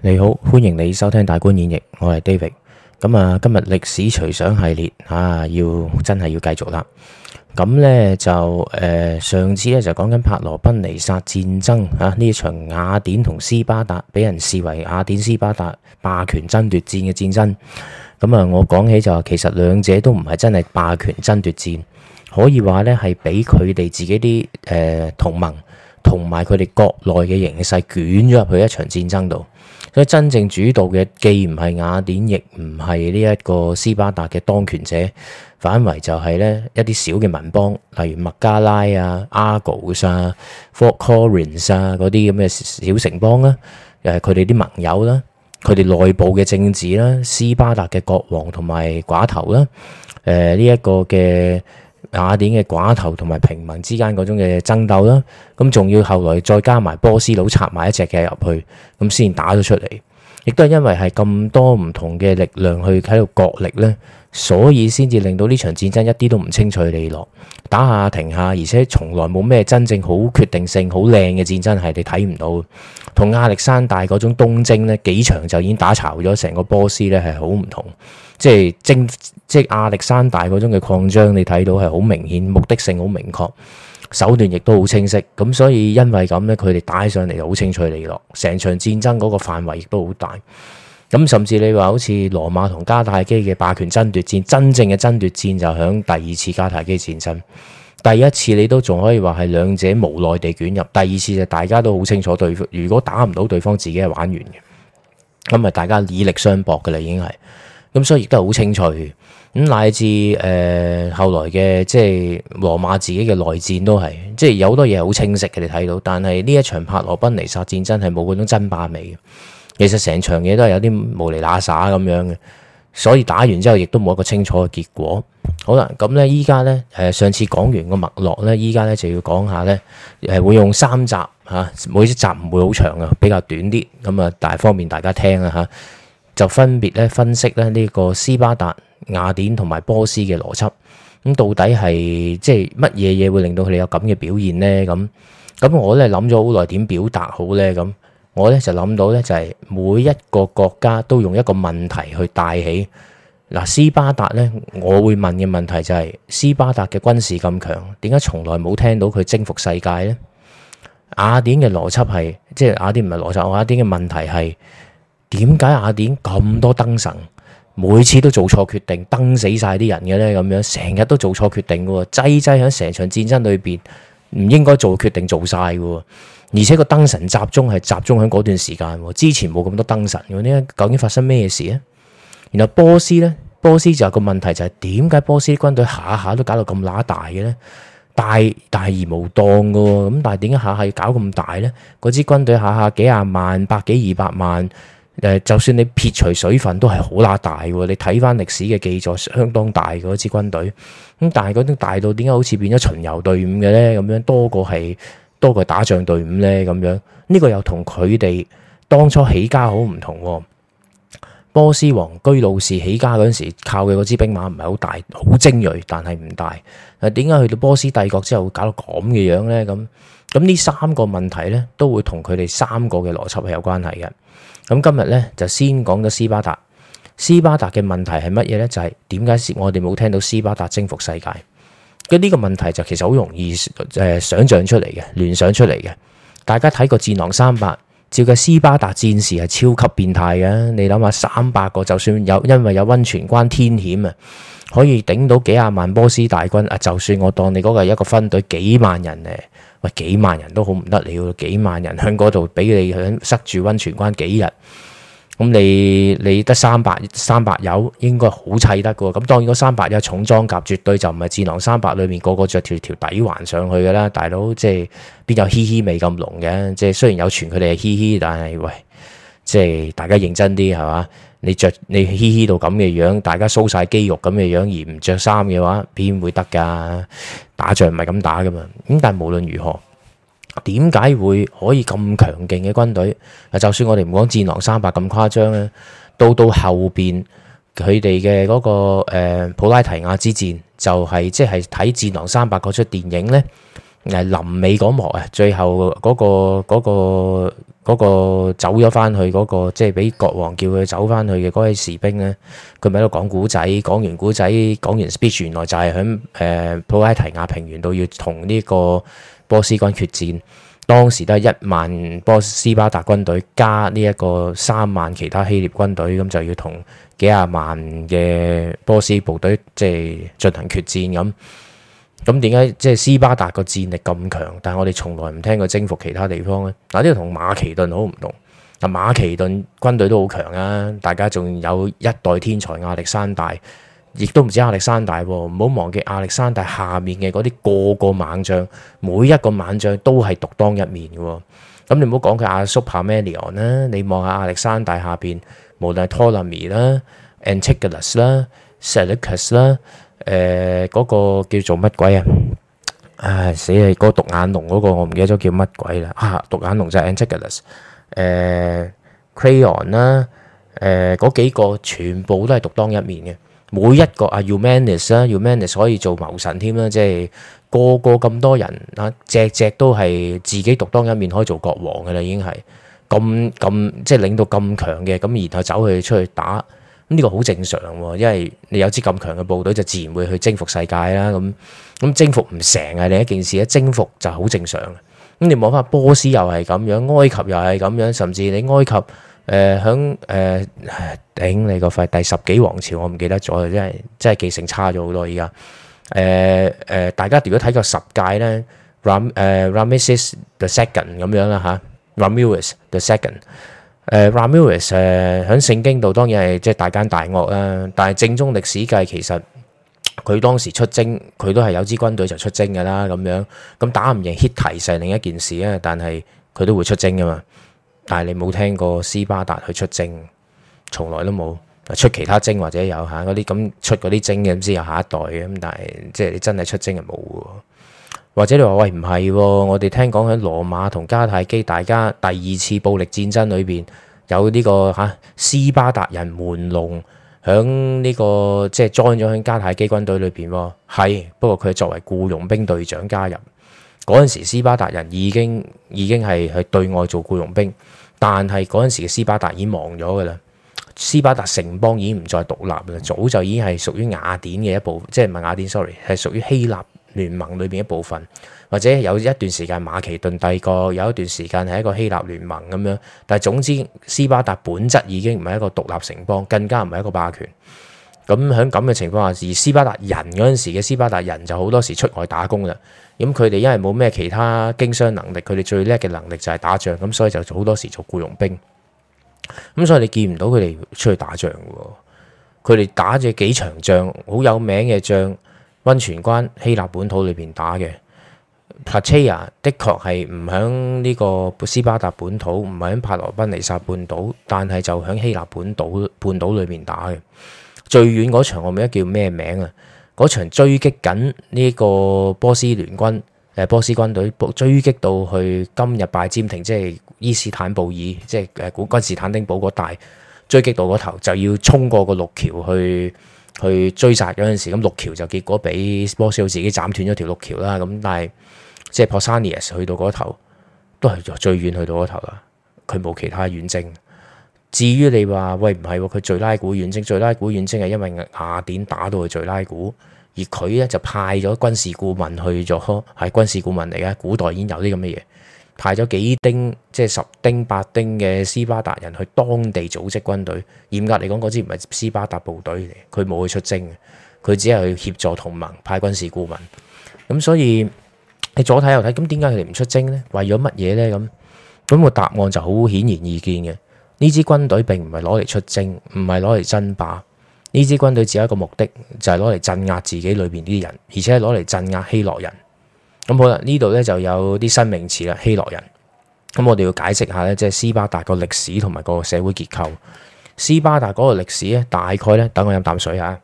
你好，歡迎你收聽大觀演繹。我係 David 咁啊。今日歷史隨想系列啊，要真係要繼續啦。咁呢，就誒、呃，上次咧就講緊帕羅賓尼薩戰爭啊，呢場雅典同斯巴達俾人視為雅典斯巴達霸權爭奪戰嘅戰爭。咁、嗯、啊，我講起就是、其實兩者都唔係真係霸權爭奪戰，可以話呢係俾佢哋自己啲誒、呃、同盟同埋佢哋國內嘅形勢捲咗入去一場戰爭度。真正主導嘅既唔係雅典，亦唔係呢一個斯巴達嘅當權者，反為就係咧一啲小嘅民邦，例如麥加拉啊、Argos 啊、Corinth 啊嗰啲咁嘅小城邦啦，誒佢哋啲盟友啦，佢哋內部嘅政治啦，斯巴達嘅國王同埋寡頭啦，誒呢一個嘅。雅典嘅寡頭同埋平民之間嗰種嘅爭鬥啦，咁仲要後來再加埋波斯佬插埋一隻嘅入去，咁先打咗出嚟。亦都係因為係咁多唔同嘅力量去喺度角力呢，所以先至令到呢場戰爭一啲都唔清脆利落，打下停下，而且從來冇咩真正好決定性好靚嘅戰爭係你睇唔到。同亞歷山大嗰種東征呢幾場就已經打巢咗成個波斯呢，係好唔同。即係政即係亞歷山大嗰種嘅擴張，你睇到係好明顯，目的性好明確，手段亦都好清晰。咁所以因為咁呢，佢哋打起上嚟又好清脆利落。成場戰爭嗰個範圍亦都好大。咁甚至你話好似羅馬同迦太基嘅霸權爭奪戰，真正嘅爭奪戰就喺第二次迦太基戰爭。第一次你都仲可以話係兩者無奈地捲入，第二次就大家都好清楚對。如果打唔到對方，自己係玩完嘅。咁咪大家以力相搏嘅啦，已經係。咁所以亦都係好清楚，咁乃至誒、呃、後來嘅即係羅馬自己嘅內戰都係，即係有好多嘢好清晰嘅，你睇到。但係呢一場伯羅奔尼撒戰真係冇嗰種爭霸味嘅，其實成場嘢都係有啲無厘喇灑咁樣嘅，所以打完之後亦都冇一個清楚嘅結果。好啦，咁呢，依家呢，誒上次講完個脈絡呢，依家呢就要講下呢，誒會用三集吓，每一集唔會好長啊，比較短啲，咁啊，但係方便大家聽啊吓。就分別咧分析咧呢個斯巴達、雅典同埋波斯嘅邏輯，咁到底係即係乜嘢嘢會令到佢哋有咁嘅表現呢？咁咁我咧諗咗好耐點表達好呢。咁我咧就諗到咧，就係每一個國家都用一個問題去帶起嗱，斯巴達咧，我會問嘅問題就係、是、斯巴達嘅軍事咁強，點解從來冇聽到佢征服世界呢？雅典嘅邏輯係，即係雅典唔係邏輯，雅典嘅問題係。點解雅典咁多燈神，每次都做錯決定，燈死晒啲人嘅咧，咁樣成日都做錯決定嘅，擠擠喺成場戰爭裏邊，唔應該做決定做晒嘅，而且個燈神集中係集中喺嗰段時間，之前冇咁多燈神，咁點解究竟發生咩事啊？然後波斯呢？波斯就有個問題就係點解波斯軍隊下下都搞到咁乸大嘅呢？大大而無當嘅，咁但係點解下下搞咁大呢？嗰支軍隊下下幾廿萬、百幾二百萬。誒，就算你撇除水分，都係好乸大。你睇翻歷史嘅記載，相當大嗰支軍隊。咁但係嗰啲大到點解好似變咗巡遊隊伍嘅咧？咁樣多過係多過打仗隊伍咧？咁樣呢個又同佢哋當初起家好唔同啊。波斯王居魯士起家嗰陣時，靠嘅嗰支兵馬唔係好大，好精銳，但係唔大。誒，點解去到波斯帝國之後會搞到咁嘅樣咧？咁咁呢三個問題咧，都會同佢哋三個嘅邏輯係有關係嘅。咁今日咧就先講咗斯巴達。斯巴達嘅問題係乜嘢呢？就係點解我哋冇聽到斯巴達征服世界？呢個問題就其實好容易想像出嚟嘅，聯想出嚟嘅。大家睇過《戰狼三百》，照計斯巴達戰士係超級變態嘅。你諗下，三百個就算有，因為有溫泉關天險啊，可以頂到幾廿萬波斯大軍啊。就算我當你嗰個係一個分隊幾萬人咧。喂，幾萬人都好唔得了，要幾萬人喺嗰度俾你喺塞住温泉關幾日？咁你你得三百三百友應該好砌得嘅喎。咁當然嗰三百友重裝甲絕對就唔係戰狼三百裏面個個着條條底環上去嘅啦。大佬，即係邊有嘻嘻味咁濃嘅？即係雖然有傳佢哋係嘻嘻，但係喂，即係大家認真啲係嘛？你着你黐黐到咁嘅樣，大家 show 晒肌肉咁嘅樣而唔着衫嘅話，邊會得噶？打仗唔係咁打噶嘛。咁但係無論如何，點解會可以咁強勁嘅軍隊？就算我哋唔講戰狼三百咁誇張咧，到到後邊佢哋嘅嗰個誒普拉提亞之戰，就係即係睇戰狼三百嗰出電影呢。誒臨尾嗰幕啊，最後嗰個嗰個嗰個走咗翻去嗰個，即係俾國王叫佢走翻去嘅嗰位士兵呢佢咪喺度講古仔，講完古仔講完 speech，原來就係響誒普拉提亞平原度要同呢個波斯軍決戰，當時都係一萬波斯巴達軍隊加呢一個三萬其他希臘軍隊，咁就要同幾廿萬嘅波斯部隊即係進行決戰咁。咁點解即係斯巴達個戰力咁強，但係我哋從來唔聽佢征服其他地方呢？嗱，呢個同馬其頓好唔同。嗱，馬其頓軍隊都好強啊！大家仲有一代天才亞歷山大，亦都唔止亞歷山大喎。唔好忘記亞歷山大下面嘅嗰啲個個猛將，每一個猛將都係獨當一面嘅。咁你唔好講佢亞叔帕米尼昂啦，你望下亞歷山大下邊，無論係托勒密啦、安提柯拉斯啦、塞利克斯啦。誒嗰、呃那個叫做乜鬼啊？唉，死、那個、啊！嗰個獨眼龍嗰個我唔記得咗叫乜鬼啦！啊獨眼龍就係 Antigonus、呃。Crayon 啦、呃，誒嗰幾個全部都係獨當一面嘅。每一個啊 Umanus 啦、啊、Umanus 可以做謀臣添啦，即係個個咁多人啊，隻隻都係自己獨當一面可以做國王嘅啦，已經係咁咁即係領導咁強嘅，咁然後走出去出去打。呢個好正常喎，因為你有支咁強嘅部隊，就自然會去征服世界啦。咁咁征服唔成係另一件事咧，征服就好正常。咁你望翻波斯又係咁樣，埃及又係咁樣，甚至你埃及誒響誒頂你個肺第十幾王朝我，我唔記得咗真即係即係記性差咗好多而家。誒誒、呃呃，大家如果睇過十誡咧，Ram 誒、呃、Ramesses the Second 咁樣啦嚇 Ramesses the Second。誒，Ramirez 誒，喺聖經度當然係即係大奸大惡啦，但係正宗歷史界其實佢當時出征，佢都係有支軍隊就出征噶啦咁樣，咁打唔贏 Hit 提係另一件事啊，但係佢都會出征噶嘛，但係你冇聽過斯巴達去出征，從來都冇，出其他征或者有吓嗰啲咁出嗰啲征嘅，咁先有下一代嘅，咁但係即係你真係出征就冇喎。或者你話，喂，唔係喎，我哋聽講喺羅馬同迦太基，大家第二次暴力戰爭裏邊有呢個嚇斯巴達人門龍喺呢個即係裝咗喺迦太基軍隊裏邊喎。係不過佢作為僱傭兵隊長加入嗰陣時，斯巴達人已經已經係去對外做僱傭兵，但係嗰陣時嘅斯巴達已亡咗㗎啦。斯巴達城邦已唔再獨立嘅，早就已經係屬於雅典嘅一部，即係唔係雅典，sorry 係屬於希臘。聯盟裏面一部分，或者有一段時間馬其頓帝國，第二有一段時間係一個希臘聯盟咁樣，但係總之斯巴達本質已經唔係一個獨立城邦，更加唔係一個霸權。咁喺咁嘅情況下，而斯巴達人嗰陣時嘅斯巴達人就好多時出外打工啦。咁佢哋因為冇咩其他經商能力，佢哋最叻嘅能力就係打仗，咁所以就好多時做僱傭兵。咁所以你見唔到佢哋出去打仗嘅喎，佢哋打咗幾場仗，好有名嘅仗。溫泉關，希臘本土裏邊打嘅。帕提亞的確係唔響呢個斯巴達本土，唔係響帕羅賓尼沙半島，但係就響希臘本島半島裏邊打嘅。最遠嗰場我唔記得叫咩名啊！嗰場追擊緊呢個波斯聯軍，誒波斯軍隊追擊到去今日拜占庭，即係伊斯坦布爾，即係古君士坦丁堡嗰大追擊到嗰頭，就要衝過個陸橋去。去追殺，有陣時咁，陸橋就結果俾波斯奧自己斬斷咗條陸橋啦。咁但係即係 Pausanias 去到嗰頭，都係最遠去到嗰頭啦。佢冇其他遠征。至於你話喂，唔係喎，佢敍、啊、拉古遠征，敍拉古遠征係因為亞典打到去敍拉古，而佢咧就派咗軍事顧問去咗，係軍事顧問嚟嘅，古代已經有啲咁嘅嘢。派咗幾丁，即係十丁、八丁嘅斯巴達人去當地組織軍隊。嚴格嚟講，嗰支唔係斯巴達部隊嚟，佢冇去出征嘅，佢只係去協助同盟派軍事顧問。咁所以你左睇右睇，咁點解佢哋唔出征呢？為咗乜嘢呢？咁、那、咁個答案就好顯然易見嘅。呢支軍隊並唔係攞嚟出征，唔係攞嚟爭霸。呢支軍隊只有一個目的，就係攞嚟鎮壓自己裏邊啲人，而且係攞嚟鎮壓希洛人。咁、嗯、好啦，呢度咧就有啲新名詞啦，希洛人。咁、嗯、我哋要解釋下咧，即係斯巴達個歷史同埋個社會結構。斯巴達嗰個歷史咧，大概咧，等我飲啖水嚇、啊。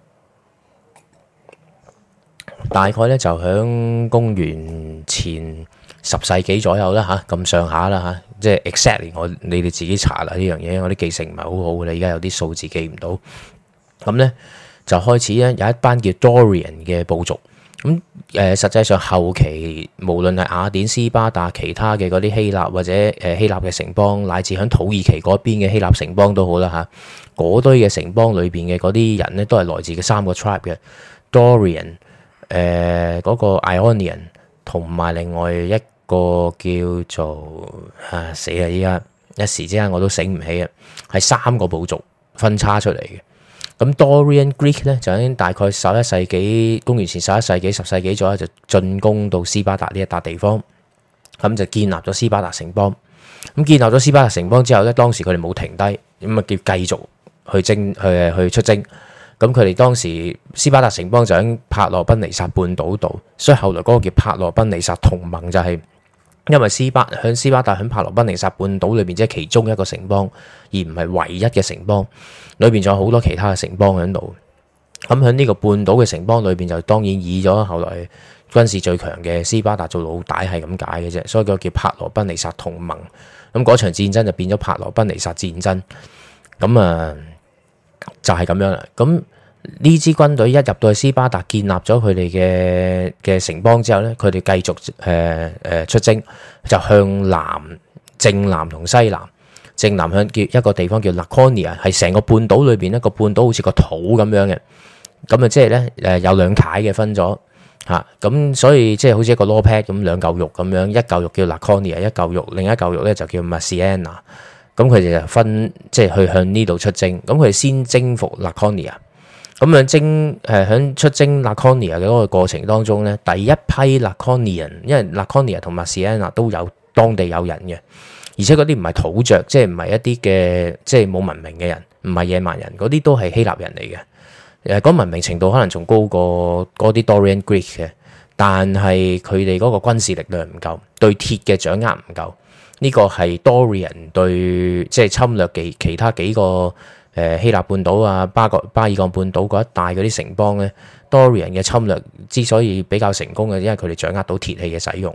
大概咧就響公元前十世紀左右啦吓，咁上下啦吓，即係 exactly 我你哋自己查啦呢樣嘢，我啲記性唔係好好嘅，你而家有啲數字記唔到。咁、啊、咧就開始咧有一班叫 Dorian 嘅部族。咁誒，實際上後期無論係雅典、斯巴達、其他嘅嗰啲希臘或者誒希臘嘅城邦，乃至喺土耳其嗰邊嘅希臘城邦都好啦嚇，嗰堆嘅城邦裏邊嘅嗰啲人呢，都係來自嘅三個 tribe 嘅 Dorian，誒、呃、嗰、那個 Ionian，同埋另外一個叫做嚇死啊！依家一時之間我都醒唔起啊，係三個部族分叉出嚟嘅。咁 Dorian Greek 咧，就喺大概十一世紀，公元前十一世紀十世紀左右，就進攻到斯巴達呢一笪地方，咁就建立咗斯巴達城邦。咁建立咗斯巴達城邦之後咧，當時佢哋冇停低，咁啊叫繼續去征去去出征。咁佢哋當時斯巴達城邦就喺帕羅賓尼薩半島度，所以後來嗰個叫帕羅賓尼薩同盟就係、是。因為斯巴響斯巴達響帕羅賓尼薩半島裏邊，即係其中一個城邦，而唔係唯一嘅城邦，裏邊仲有好多其他嘅城邦響度。咁響呢個半島嘅城邦裏邊，就當然以咗後來軍事最強嘅斯巴達做老大，係咁解嘅啫。所以叫叫帕羅賓尼薩同盟。咁嗰場戰爭就變咗帕羅賓尼薩戰爭。咁啊，就係、是、咁樣啦。咁。呢支軍隊一入到去斯巴達，建立咗佢哋嘅嘅城邦之後咧，佢哋繼續誒誒、呃呃、出征，就向南、正南同西南正南向叫一個地方叫 Laconia 啊，係成個半島裏邊一個半島，好似個土咁樣嘅。咁、呃、啊，即係咧誒有兩棟嘅分咗嚇，咁所以即係、就是、好似一個 l a w p a t 咁兩嚿肉咁樣，一嚿肉叫 Laconia，一嚿肉另一嚿肉咧就叫 Messenia，咁佢哋就分即係、就是、去向呢度出征，咁佢哋先征服 Laconia 咁樣征誒喺出征 Laconia 嘅嗰個過程當中咧，第一批 Laconia 人，因為 Laconia 同埋 Sicily 都有當地有人嘅，而且嗰啲唔係土著，即係唔係一啲嘅即係冇文明嘅人，唔係野蠻人，嗰啲都係希臘人嚟嘅。誒，嗰文明程度可能仲高過嗰啲 Dorian Greek 嘅，但係佢哋嗰個軍事力量唔夠，對鐵嘅掌握唔夠，呢、這個係 Dorian 對即係、就是、侵略其其他幾個。誒，希臘半島啊，巴國巴爾幹半島嗰一帶嗰啲城邦咧，Dorian 嘅侵略之所以比較成功嘅，因為佢哋掌握到鐵器嘅使用，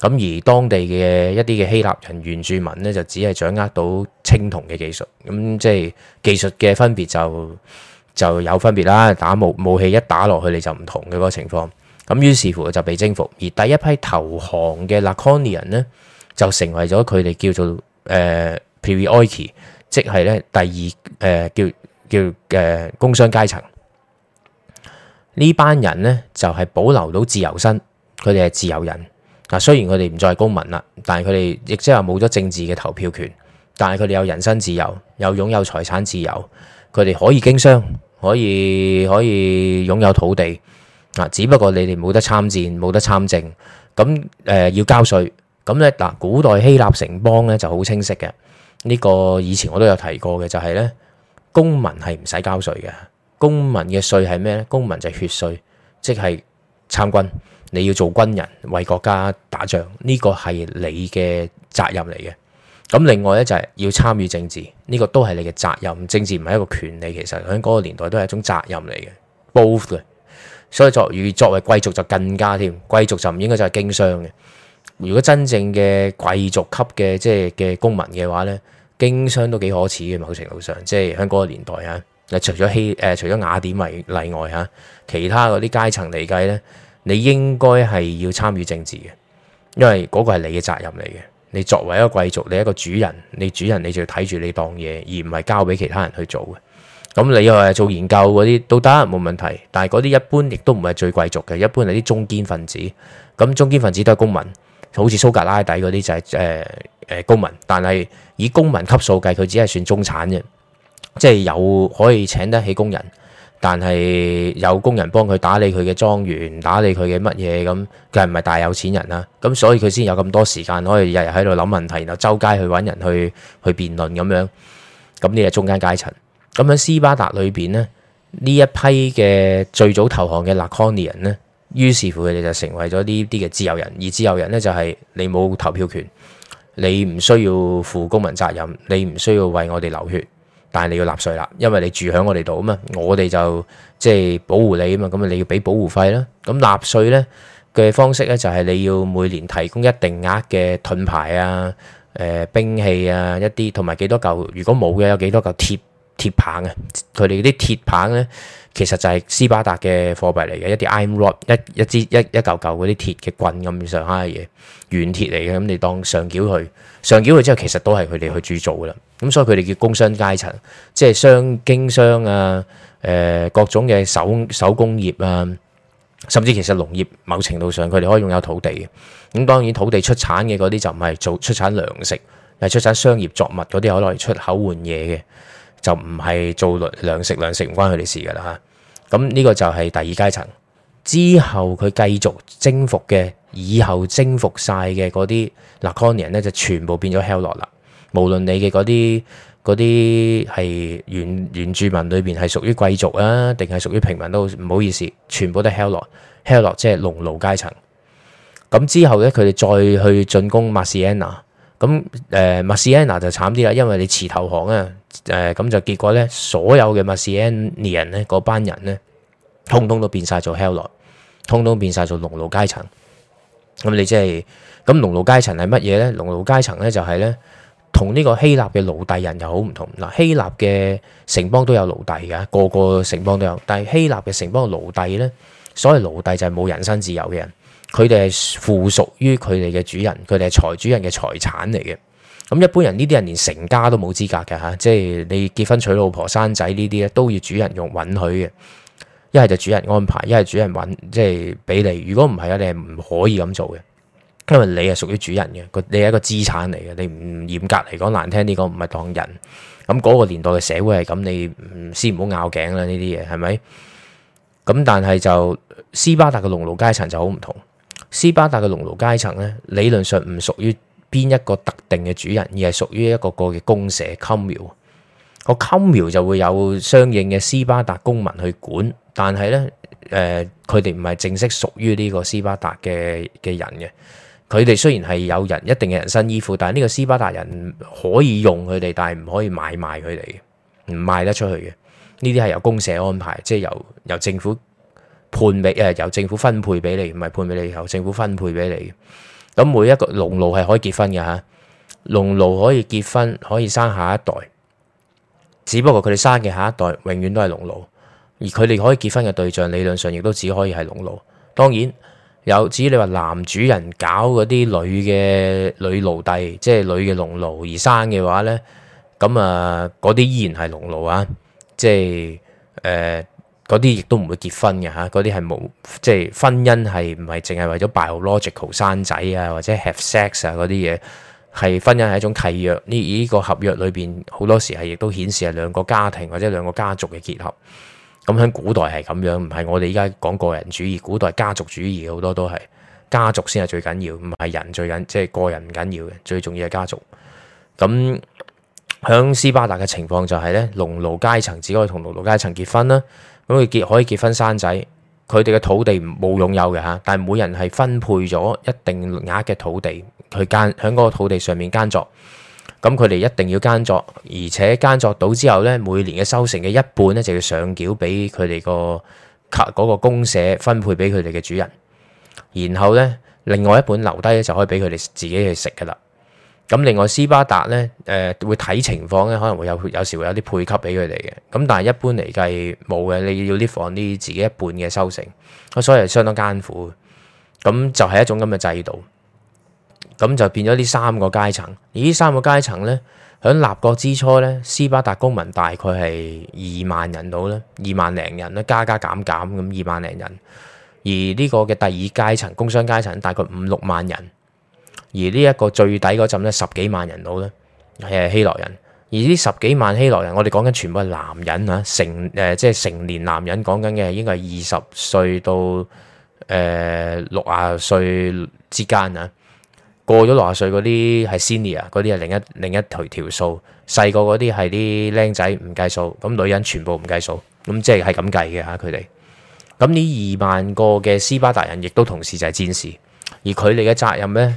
咁而當地嘅一啲嘅希臘人原住民咧，就只係掌握到青銅嘅技術，咁即係技術嘅分別就就有分別啦，打武武器一打落去你就唔同嘅嗰個情況，咁於是乎就被征服，而第一批投降嘅 Laconian 呢，就成為咗佢哋叫做誒 Perioikoi 即係咧，第二誒、呃、叫叫誒、呃、工商階層呢班人呢，就係、是、保留到自由身，佢哋係自由人嗱。雖然佢哋唔再公民啦，但係佢哋亦即係冇咗政治嘅投票權，但係佢哋有人身自由，又擁有財產自由，佢哋可以經商，可以可以擁有土地嗱。只不過你哋冇得參戰，冇得參政，咁誒、呃、要交稅咁咧嗱。古代希臘城邦咧就好清晰嘅。呢個以前我都有提過嘅，就係咧，公民係唔使交稅嘅。公民嘅稅係咩咧？公民就係血稅，即係參軍，你要做軍人為國家打仗，呢個係你嘅責任嚟嘅。咁另外咧就係要參與政治，呢個都係你嘅責任。政治唔係一個權利，其實喺嗰個年代都係一種責任嚟嘅，both 嘅。所以作與作為貴族就更加添，貴族就唔應該就係經商嘅。如果真正嘅貴族級嘅即係嘅公民嘅話呢，經商都幾可恥嘅。某程度上，即係喺嗰個年代嚇、啊，除咗希誒、啊、除咗雅典為例外嚇、啊，其他嗰啲階層嚟計呢，你應該係要參與政治嘅，因為嗰個係你嘅責任嚟嘅。你作為一個貴族，你一個主人，你主人你就要睇住你當嘢，而唔係交俾其他人去做嘅。咁你又係做研究嗰啲都得，冇問題，但係嗰啲一般亦都唔係最貴族嘅，一般係啲中堅分子。咁中堅分子都係公民。好似蘇格拉底嗰啲就係誒誒公民，但係以公民級數計，佢只係算中產嘅，即係有可以請得起工人，但係有工人幫佢打理佢嘅莊園，打理佢嘅乜嘢咁，佢係唔係大有錢人呀？咁所以佢先有咁多時間可以日日喺度諗問題，然後周街去揾人去去辯論咁樣，咁呢係中間階層。咁喺斯巴達裏邊呢，呢一批嘅最早投降嘅 Laconian 呢。於是乎佢哋就成為咗呢啲嘅自由人，而自由人咧就係、是、你冇投票權，你唔需要負公民責任，你唔需要為我哋流血，但係你要納稅啦，因為你住喺我哋度啊嘛，我哋就即係、就是、保護你啊嘛，咁你要俾保護費啦，咁納稅咧嘅方式咧就係、是、你要每年提供一定額嘅盾牌啊、誒、呃、兵器啊一啲，同埋幾多嚿？如果冇嘅有幾多嚿鐵鐵棒啊？佢哋啲鐵棒咧。其實就係斯巴達嘅貨幣嚟嘅，一啲 Iron Rod，一一支一一嚿嚿啲鐵嘅棍咁上下嘅嘢，軟鐵嚟嘅，咁你當上繳佢，上繳佢之後其實都係佢哋去製造噶啦。咁所以佢哋叫工商階層，即係商經商啊，誒、呃、各種嘅手手工業啊，甚至其實農業某程度上佢哋可以擁有土地嘅。咁當然土地出產嘅嗰啲就唔係做出產糧食，係出產商業作物嗰啲可以出口換嘢嘅，就唔係做糧食，糧食唔關佢哋事噶啦嚇。咁呢個就係第二階層，之後佢繼續征服嘅，以後征服晒嘅嗰啲拉康人咧，就全部變咗 Helot 啦。無論你嘅嗰啲嗰啲係原原住民裏邊係屬於貴族啊，定係屬於平民都唔好意思，全部都係 Helot，Helot 即係農奴階層。咁之後咧，佢哋再去進攻馬斯咁誒麥斯埃納就慘啲啦，因為你遲投降啊！誒、呃、咁就結果咧，所有嘅麥斯埃人咧，嗰班人咧，通通都變晒做 Helot，通通變晒做農奴階層。咁你即係咁農奴階層係乜嘢咧？農奴階層咧就係咧，同呢個希臘嘅奴隸人又好唔同嗱。希臘嘅城邦都有奴隸㗎，個個城邦都有，但係希臘嘅城邦奴隸咧，所謂奴隸就係冇人身自由嘅人。佢哋係附屬於佢哋嘅主人，佢哋係財主人嘅財產嚟嘅。咁一般人呢啲人連成家都冇資格嘅嚇、啊，即係你結婚娶老婆、生仔呢啲咧都要主人用允許嘅。一係就主人安排，一係主人揾，即係俾你。如果唔係啊，你係唔可以咁做嘅，因為你係屬於主人嘅，你係一個資產嚟嘅。你唔嚴格嚟講，難聽啲講唔係當人。咁嗰個年代嘅社會係咁，你先唔好拗頸啦。呢啲嘢係咪？咁但係就斯巴達嘅農奴階層就好唔同。斯巴達嘅農奴階層咧，理論上唔屬於邊一個特定嘅主人，而係屬於一個個嘅公社 commune。個 commune 就會有相應嘅斯巴達公民去管，但係咧，誒、呃，佢哋唔係正式屬於呢個斯巴達嘅嘅人嘅。佢哋雖然係有人一定嘅人身依附，但係呢個斯巴達人可以用佢哋，但係唔可以買賣佢哋，唔賣得出去嘅。呢啲係由公社安排，即係由由政府。判俾誒，由政府分配俾你，唔係判俾你，由政府分配俾你。咁每一個農奴係可以結婚嘅嚇，農奴可以結婚，可以生下一代，只不過佢哋生嘅下一代永遠都係農奴，而佢哋可以結婚嘅對象理論上亦都只可以係農奴。當然，有至於你話男主人搞嗰啲女嘅女奴婢，即係女嘅農奴而生嘅話咧，咁啊嗰啲依然係農奴啊，即係誒。呃嗰啲亦都唔會結婚嘅嚇，嗰啲係冇即係婚姻係唔係淨係為咗 biological 生仔啊，或者 have sex 啊嗰啲嘢，係婚姻係一種契約。呢、這、呢個合約裏邊好多時係亦都顯示係兩個家庭或者兩個家族嘅結合。咁喺古代係咁樣，唔係我哋依家講個人主義，古代家族主義，好多都係家族先係最緊要，唔係人最緊，即係個人唔緊要嘅，最重要係家族。咁喺斯巴達嘅情況就係咧，農奴階層只可以同農奴階層結婚啦。.可以結可以結婚生仔，佢哋嘅土地冇擁有嘅嚇，但係每人係分配咗一定額嘅土地，佢間喺嗰個土地上面耕作，咁佢哋一定要耕作，而且耕作到之後咧，每年嘅收成嘅一半咧就要上繳俾佢哋個嗰個公社分配俾佢哋嘅主人，然後咧另外一半留低咧就可以俾佢哋自己去食噶啦。咁另外斯巴達咧，誒、呃、會睇情況咧，可能會有有時會有啲配給俾佢哋嘅。咁但係一般嚟計冇嘅，你要留返啲自己一半嘅收成，咁所以係相當艱苦。咁就係一種咁嘅制度，咁就變咗呢三個階層。而呢三個階層咧，喺立國之初咧，斯巴達公民大概係二萬人到啦，二萬零人啦，加加減減咁二萬零人。而呢個嘅第二階層工商階層大概五六萬人。而呢一個最底嗰層咧，十幾萬人到咧，誒希洛人。而呢十幾萬希洛人，我哋講緊全部係男人嚇，成誒即係成年男人講緊嘅，應該係二十歲到誒六十歲之間啊。過咗六十歲嗰啲係 senior，嗰啲係另一另一條條數。細個嗰啲係啲僆仔唔計數，咁女人全部唔計數，咁即係係咁計嘅嚇佢哋。咁呢二萬個嘅斯巴達人亦都同時就係戰士，而佢哋嘅責任咧。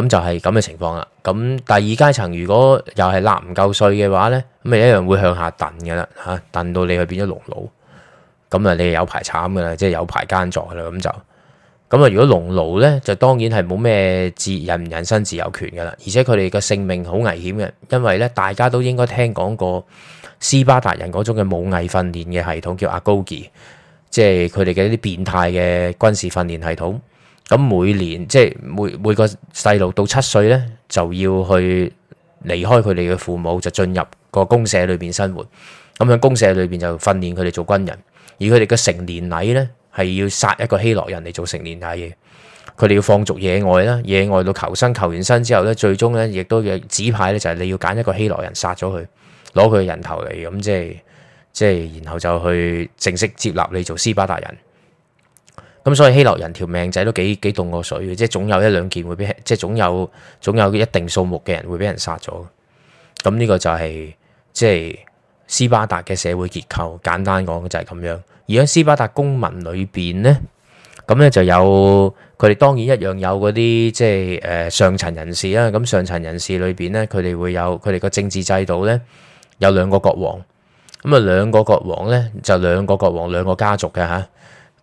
咁就係咁嘅情況啦。咁第二階層如果又係納唔夠稅嘅話咧，咁咪一樣會向下掄嘅啦。嚇、啊，掄到你去變咗農奴，咁啊你就有排慘噶啦，即係有排耕作啦。咁就咁啊！如果農奴咧，就當然係冇咩自人人身自由權噶啦，而且佢哋嘅性命好危險嘅，因為咧大家都應該聽講過斯巴達人嗰種嘅武藝訓練嘅系統叫阿高爾，即係佢哋嘅一啲變態嘅軍事訓練系統。咁每年即係每每個細路到七歲咧，就要去離開佢哋嘅父母，就進入個公社裏邊生活。咁喺公社裏邊就訓練佢哋做軍人，而佢哋嘅成年禮咧係要殺一個希羅人嚟做成年禮。佢哋要放逐野外啦，野外到求生，求完生之後咧，最終咧亦都有指派咧就係你要揀一個希羅人殺咗佢，攞佢嘅人頭嚟咁即係即係，然後就去正式接納你做斯巴達人。咁所以希羅人條命仔都幾幾凍過水嘅，即係總有一兩件會俾，即係總有總有一定數目嘅人會俾人殺咗。咁呢個就係、是、即係斯巴達嘅社會結構。簡單講就係咁樣。而喺斯巴達公民裏邊呢，咁咧就有佢哋當然一樣有嗰啲即係誒、呃、上層人士啦。咁上層人士裏邊咧，佢哋會有佢哋個政治制度咧，有兩個國王。咁啊兩個國王咧，就兩個國王兩個家族嘅嚇。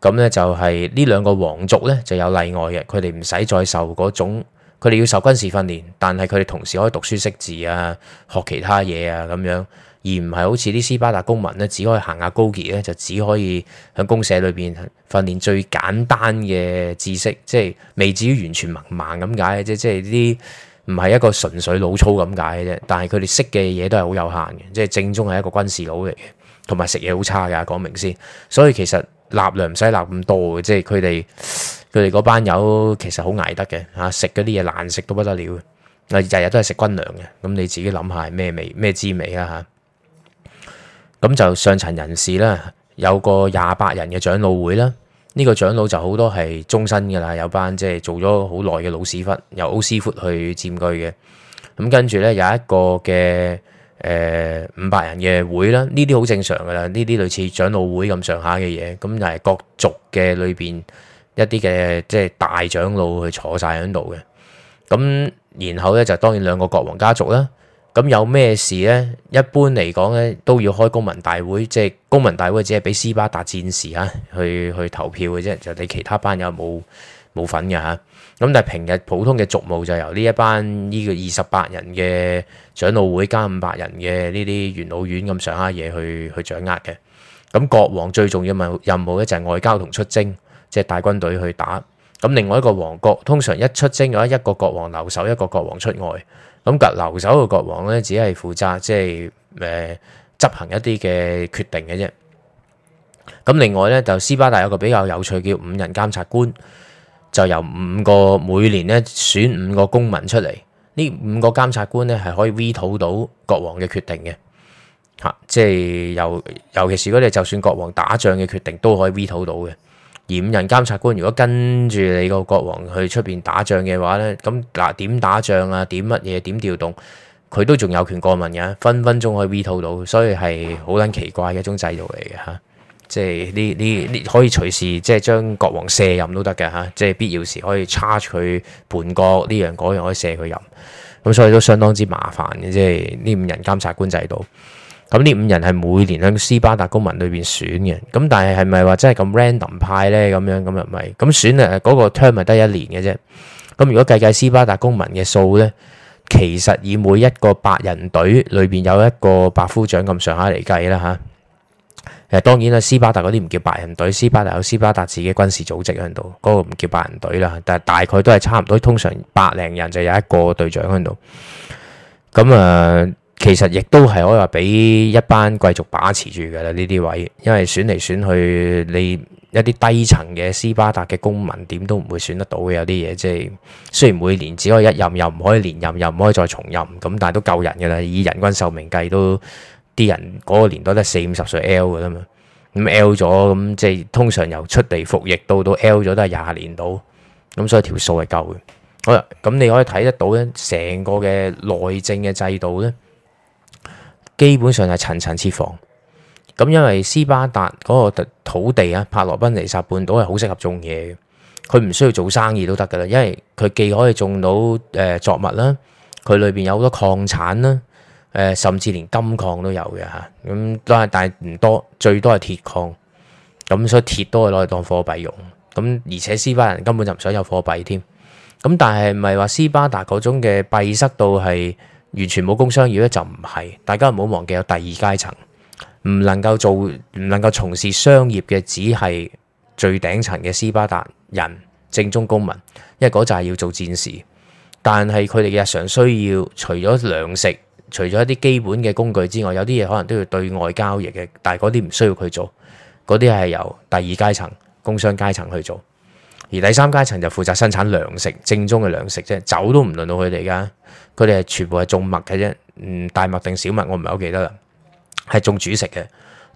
咁咧就係呢兩個皇族咧就有例外嘅，佢哋唔使再受嗰種，佢哋要受軍事訓練，但係佢哋同時可以讀書識字啊，學其他嘢啊咁樣，而唔係好似啲斯巴達公民咧，只可以行下高傑咧，就只可以喺公社裏邊訓練最簡單嘅知識，即係未至於完全文盲咁解，即即係啲唔係一個純粹老粗咁解嘅啫。但係佢哋識嘅嘢都係好有限嘅，即係正宗係一個軍事佬嚟嘅，同埋食嘢好差噶，講明先。所以其實。納糧唔使納咁多，即係佢哋佢哋嗰班友其實好捱得嘅嚇，食嗰啲嘢難食到不得了，啊日日都係食軍糧嘅，咁你自己諗下係咩味咩滋味啦。嚇、啊？咁就上層人士啦，有個廿八人嘅長老會啦，呢、這個長老就好多係終身㗎啦，有班即係、就是、做咗好耐嘅老屎忽，由老屎忽去佔據嘅，咁跟住咧有一個嘅。誒，五百人嘅會啦，呢啲好正常噶啦，呢啲類似長老會咁上下嘅嘢，咁就係各族嘅裏邊一啲嘅即係大長老去坐晒喺度嘅。咁然後咧就當然兩個國王家族啦。咁有咩事咧？一般嚟講咧都要開公民大會，即係公民大會只係俾斯巴達戰士啊去去，去投票嘅啫，就你其他班有冇？冇份嘅嚇，咁但係平日普通嘅族務就由呢一班呢個二十八人嘅長老會加五百人嘅呢啲元老院咁上下嘢去去掌握嘅。咁國王最重要嘅任務咧就係外交同出征，即係帶軍隊去打。咁另外一個王國通常一出征嘅話，一個國王留守，一個國王出外。咁留留守嘅國王咧，只係負責即係誒執行一啲嘅決定嘅啫。咁另外咧就斯巴達有個比較有趣叫五人監察官。就由五個每年咧選五個公民出嚟，呢五個監察官咧係可以 veto 到國王嘅決定嘅。嚇、啊，即係尤尤其是嗰啲就算國王打仗嘅決定都可以 veto 到嘅。而五人監察官如果跟住你個國王去出邊打仗嘅話咧，咁嗱點打仗啊，點乜嘢點調動，佢都仲有權過問嘅，分分鐘可以 veto 到，所以係好撚奇怪嘅一種制度嚟嘅嚇。啊即係呢呢呢可以隨時即係將國王卸任都得嘅嚇，即係必要時可以差佢叛國呢樣嗰樣可以卸佢任，咁所以都相當之麻煩嘅，即係呢五人監察官制度。咁呢五人係每年響斯巴達公民裏邊選嘅，咁但係係咪話真係咁 random 派咧？咁樣咁又唔係，咁選誒嗰、嗰個 term 係得一年嘅啫。咁如果計計斯巴達公民嘅數咧，其實以每一個百人隊裏邊有一個百夫長咁上下嚟計啦嚇。誒，當然啦，斯巴達嗰啲唔叫百人隊，斯巴達有斯巴達自己軍事組織喺度，嗰、嗰個唔叫百人隊啦。但係大概都係差唔多，通常百零人就有一個隊長喺度。咁啊、呃，其實亦都係可以話俾一班貴族把持住噶啦呢啲位，因為選嚟選去，你一啲低層嘅斯巴達嘅公民點都唔會選得到嘅。有啲嘢即係，雖然每年只可以一任，又唔可以連任，又唔可以再重任，咁但係都夠人噶啦，以人均壽命計都。啲人嗰個年代都係四五十歲 L 嘅啦嘛，咁 L 咗咁，即係通常由出嚟服役到到 L 咗都係廿年到，咁所以條數係夠嘅。好啦，咁你可以睇得到咧，成個嘅內政嘅制度咧，基本上係層層設防。咁因為斯巴達嗰個土地啊，帕洛賓尼撒半島係好適合種嘢，佢唔需要做生意都得噶啦，因為佢既可以種到誒作物啦，佢裏邊有好多礦產啦。甚至連金礦都有嘅嚇，咁但係但唔多，最多係鐵礦，咁所以鐵都係攞嚟當貨幣用，咁而且斯巴達人根本就唔想有貨幣添，咁但係唔係話斯巴達嗰種嘅閉塞到係完全冇工商業咧？就唔係，大家唔好忘記有第二階層，唔能夠做，唔能夠從事商業嘅，只係最頂層嘅斯巴達人正宗公民，因為嗰就係要做戰士，但係佢哋嘅日常需要除咗糧食，除咗一啲基本嘅工具之外，有啲嘢可能都要對外交易嘅，但係嗰啲唔需要佢做，嗰啲係由第二階層工商階層去做，而第三階層就負責生產糧食，正宗嘅糧食啫，酒都唔輪到佢哋噶，佢哋係全部係種麥嘅啫，嗯，大麥定小麥我唔係好記得啦，係種主食嘅。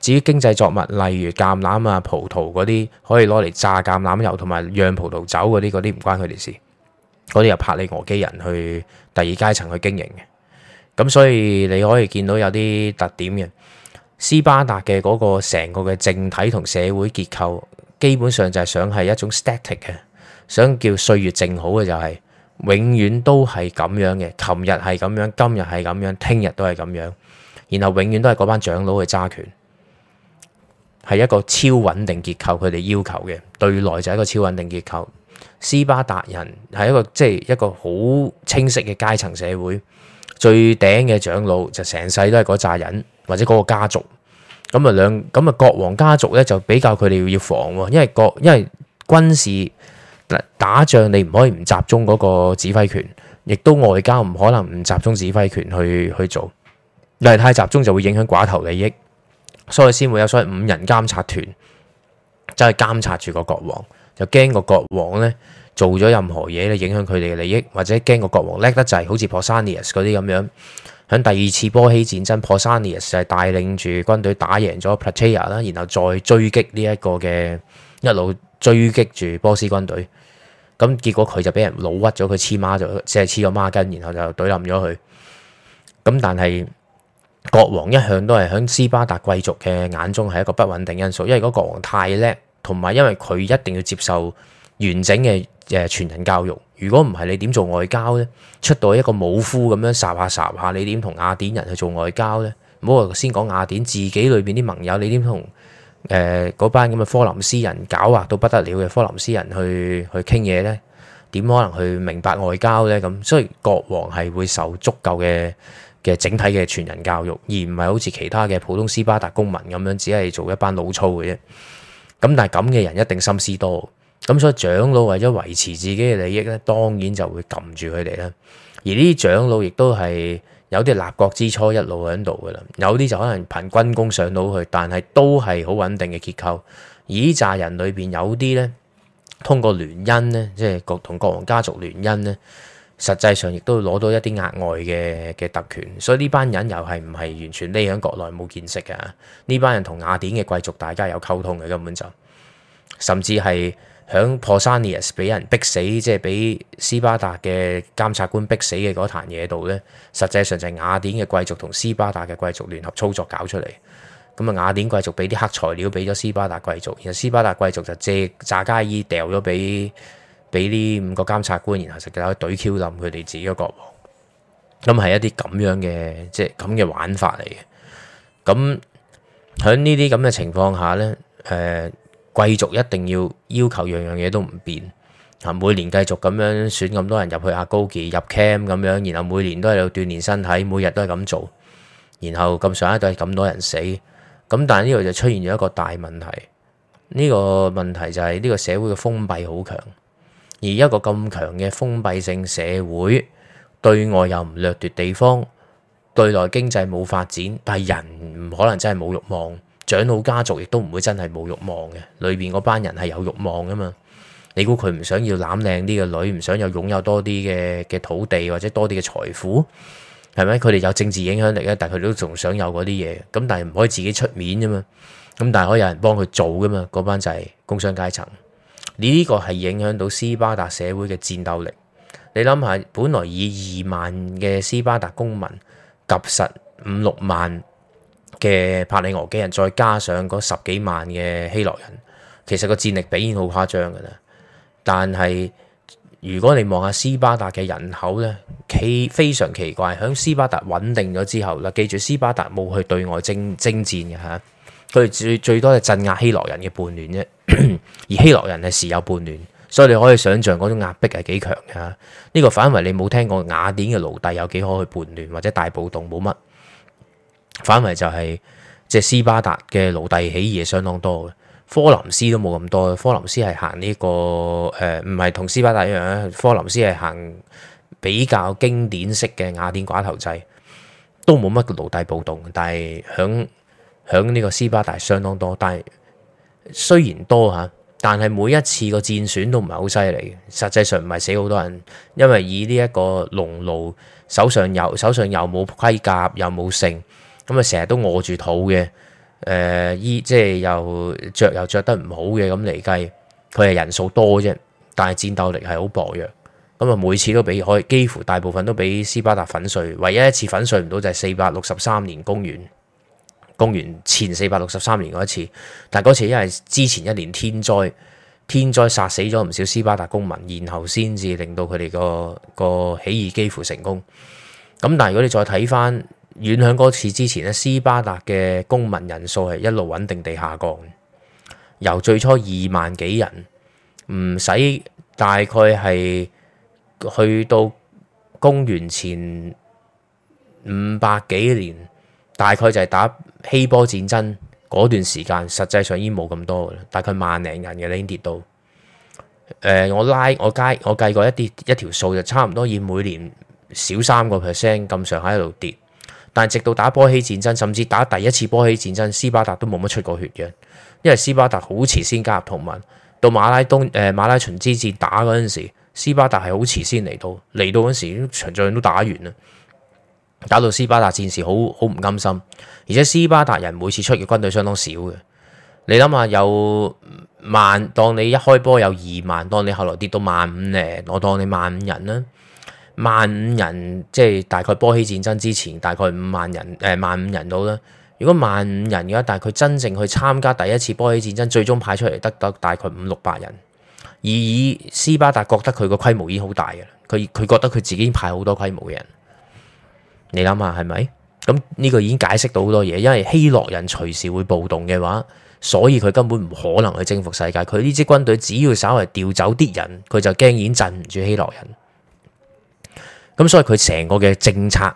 至於經濟作物，例如橄欖啊、葡萄嗰啲，可以攞嚟榨橄欖油同埋釀葡萄酒嗰啲，嗰啲唔關佢哋事，嗰啲又帕里俄基人去第二階層去經營嘅。咁所以你可以見到有啲特點嘅，斯巴達嘅嗰個成個嘅政體同社會結構，基本上就係想係一種 static 嘅，想叫歲月靜好嘅就係、是、永遠都係咁樣嘅，琴日係咁樣，今日係咁樣，聽日都係咁樣，然後永遠都係嗰班長老去揸權，係一個超穩定結構，佢哋要求嘅對內就係一個超穩定結構。斯巴達人係一個即係、就是、一個好清晰嘅階層社會。最頂嘅長老就成世都係嗰扎人或者嗰個家族，咁啊兩咁啊國王家族咧就比較佢哋要防喎，因為國因為軍事打，打仗你唔可以唔集中嗰個指揮權，亦都外交唔可能唔集中指揮權去去做，你太集中就會影響寡頭利益，所以先會有所謂五人監察團走去、就係、監察住個國王，就驚個國王咧。做咗任何嘢咧，影響佢哋嘅利益，或者驚個國王叻得滯好似 Pausanias 嗰啲咁樣響第二次波希戰爭 Pausanias 係帶領住軍隊打贏咗 Plataea 啦，然後再追擊呢一個嘅一路追擊住波斯軍隊，咁結果佢就俾人老屈咗，佢黐孖咗，即係黐個孖筋，然後就懟冧咗佢。咁但係國王一向都係響斯巴達貴族嘅眼中係一個不穩定因素，因為嗰國王太叻，同埋因為佢一定要接受完整嘅。誒全人教育，如果唔係你點做外交呢？出到一個武夫咁樣殺下殺下，你點同雅典人去做外交呢？唔好話先講雅典自己裏邊啲盟友，你點同誒嗰班咁嘅科林斯人狡猾到不得了嘅科林斯人去去傾嘢呢？點可能去明白外交呢？咁所以國王係會受足夠嘅嘅整體嘅全人教育，而唔係好似其他嘅普通斯巴達公民咁樣，只係做一班老粗嘅啫。咁但係咁嘅人一定心思多。咁所以長老為咗維持自己嘅利益咧，當然就會撳住佢哋啦。而呢啲長老亦都係有啲立國之初一路喺度噶啦，有啲就可能憑軍功上到去，但係都係好穩定嘅結構。而爾扎人裏邊有啲咧，通過聯姻咧，即係國同國王家族聯姻咧，實際上亦都攞到一啲額外嘅嘅特權。所以呢班人又係唔係完全匿喺國內冇見識嘅？呢班人同雅典嘅貴族大家有溝通嘅，根本就甚至係。喺珀珊尼厄斯俾人逼死，即係俾斯巴達嘅監察官逼死嘅嗰壇嘢度咧，實際上就係雅典嘅貴族同斯巴達嘅貴族聯合操作搞出嚟。咁啊，雅典貴族俾啲黑材料俾咗斯巴達貴族，然後斯巴達貴族就借詐假意掉咗俾俾呢五個監察官，然後就在攞隊 Q 冧佢哋自己嘅國王。咁係一啲咁樣嘅即係咁嘅玩法嚟嘅。咁喺呢啲咁嘅情況下咧，誒、呃。貴族一定要要求樣樣嘢都唔變，每年繼續咁樣選咁多人入去阿高記入 cam 咁樣，然後每年都係度鍛鍊身體，每日都係咁做，然後咁上一代咁多人死，咁但係呢度就出現咗一個大問題，呢個問題就係呢個社會嘅封閉好強，而一個咁強嘅封閉性社會，對外又唔掠奪地方，對內經濟冇發展，但係人唔可能真係冇欲望。長老家族亦都唔會真係冇欲望嘅，裏邊嗰班人係有欲望噶嘛？你估佢唔想要攬靚啲嘅女，唔想又擁有多啲嘅嘅土地或者多啲嘅財富，係咪？佢哋有政治影響力啊，但係佢哋都仲想有嗰啲嘢，咁但係唔可以自己出面啫嘛，咁但係可以有人幫佢做噶嘛？嗰班就係工商階層，呢個係影響到斯巴達社會嘅戰鬥力。你諗下，本來以二萬嘅斯巴達公民及實五六萬，嘅帕里俄基人再加上嗰十幾萬嘅希洛人，其實個戰力比已經好誇張㗎啦。但係如果你望下斯巴達嘅人口咧，奇，非常奇怪。響斯巴達穩定咗之後，嗱，記住斯巴達冇去對外征征戰嘅嚇，佢最最多係鎮壓希洛人嘅叛亂啫。 而希洛人係時有叛亂，所以你可以想象嗰種壓迫係幾強嘅。呢個反為你冇聽過雅典嘅奴隸有幾可去叛亂或者大暴動，冇乜。反為就係即斯巴達嘅奴隸起義係相當多嘅，科林斯都冇咁多。科林斯係行呢個誒，唔係同斯巴達一樣咧。科林斯係行比較經典式嘅雅典寡頭制，都冇乜奴隸暴動，但係響響呢個斯巴達相當多。但係雖然多嚇，但係每一次個戰損都唔係好犀利，實際上唔係死好多人，因為以呢一個農奴手上，手上又手上又冇盔甲又冇勝。咁啊，成日、嗯、都餓住肚嘅，誒、呃、衣即係又着又着得唔好嘅，咁嚟計，佢係人數多啫，但係戰鬥力係好薄弱。咁、嗯、啊，每次都俾可以幾乎大部分都俾斯巴達粉碎，唯一一次粉碎唔到就係四百六十三年公元公元前四百六十三年嗰一次。但係嗰次因為之前一年天災，天災殺死咗唔少斯巴達公民，然後先至令到佢哋個個起義幾乎成功。咁但係如果你再睇翻，遠響嗰次之前咧，斯巴達嘅公民人數係一路穩定地下降，由最初二萬幾人，唔使大概係去到公元前五百幾年，大概就係打希波戰爭嗰段時間，實際上已經冇咁多㗎喇，大概萬零人嘅已經跌到。誒、呃，我拉我計我計過一啲一條數，就差唔多以每年少三個 percent 咁上下一路跌。但直到打波希戰爭，甚至打第一次波希戰爭，斯巴達都冇乜出過血嘅，因為斯巴達好遲先加入同盟。到馬拉東誒、馬拉松之戰打嗰陣時，斯巴達係好遲先嚟到，嚟到嗰陣時，場仗都打完啦，打到斯巴達戰士好好唔甘心，而且斯巴達人每次出嘅軍隊相當少嘅。你諗下有萬，當你一開波有二萬，當你後來跌到萬五咧，我當你萬五人啦。萬五人即係大概波希戰爭之前，大概五萬人，誒、呃、萬五人度啦。如果萬五人嘅話，但係佢真正去參加第一次波希戰爭，最終派出嚟得得大概五六百人。而以斯巴達覺得佢個規模已經好大㗎喇，佢佢覺得佢自己派好多規模嘅人。你諗下係咪？咁呢個已經解釋到好多嘢，因為希洛人隨時會暴動嘅話，所以佢根本唔可能去征服世界。佢呢支軍隊只要稍微調走啲人，佢就驚已經鎮唔住希洛人。咁所以佢成個嘅政策，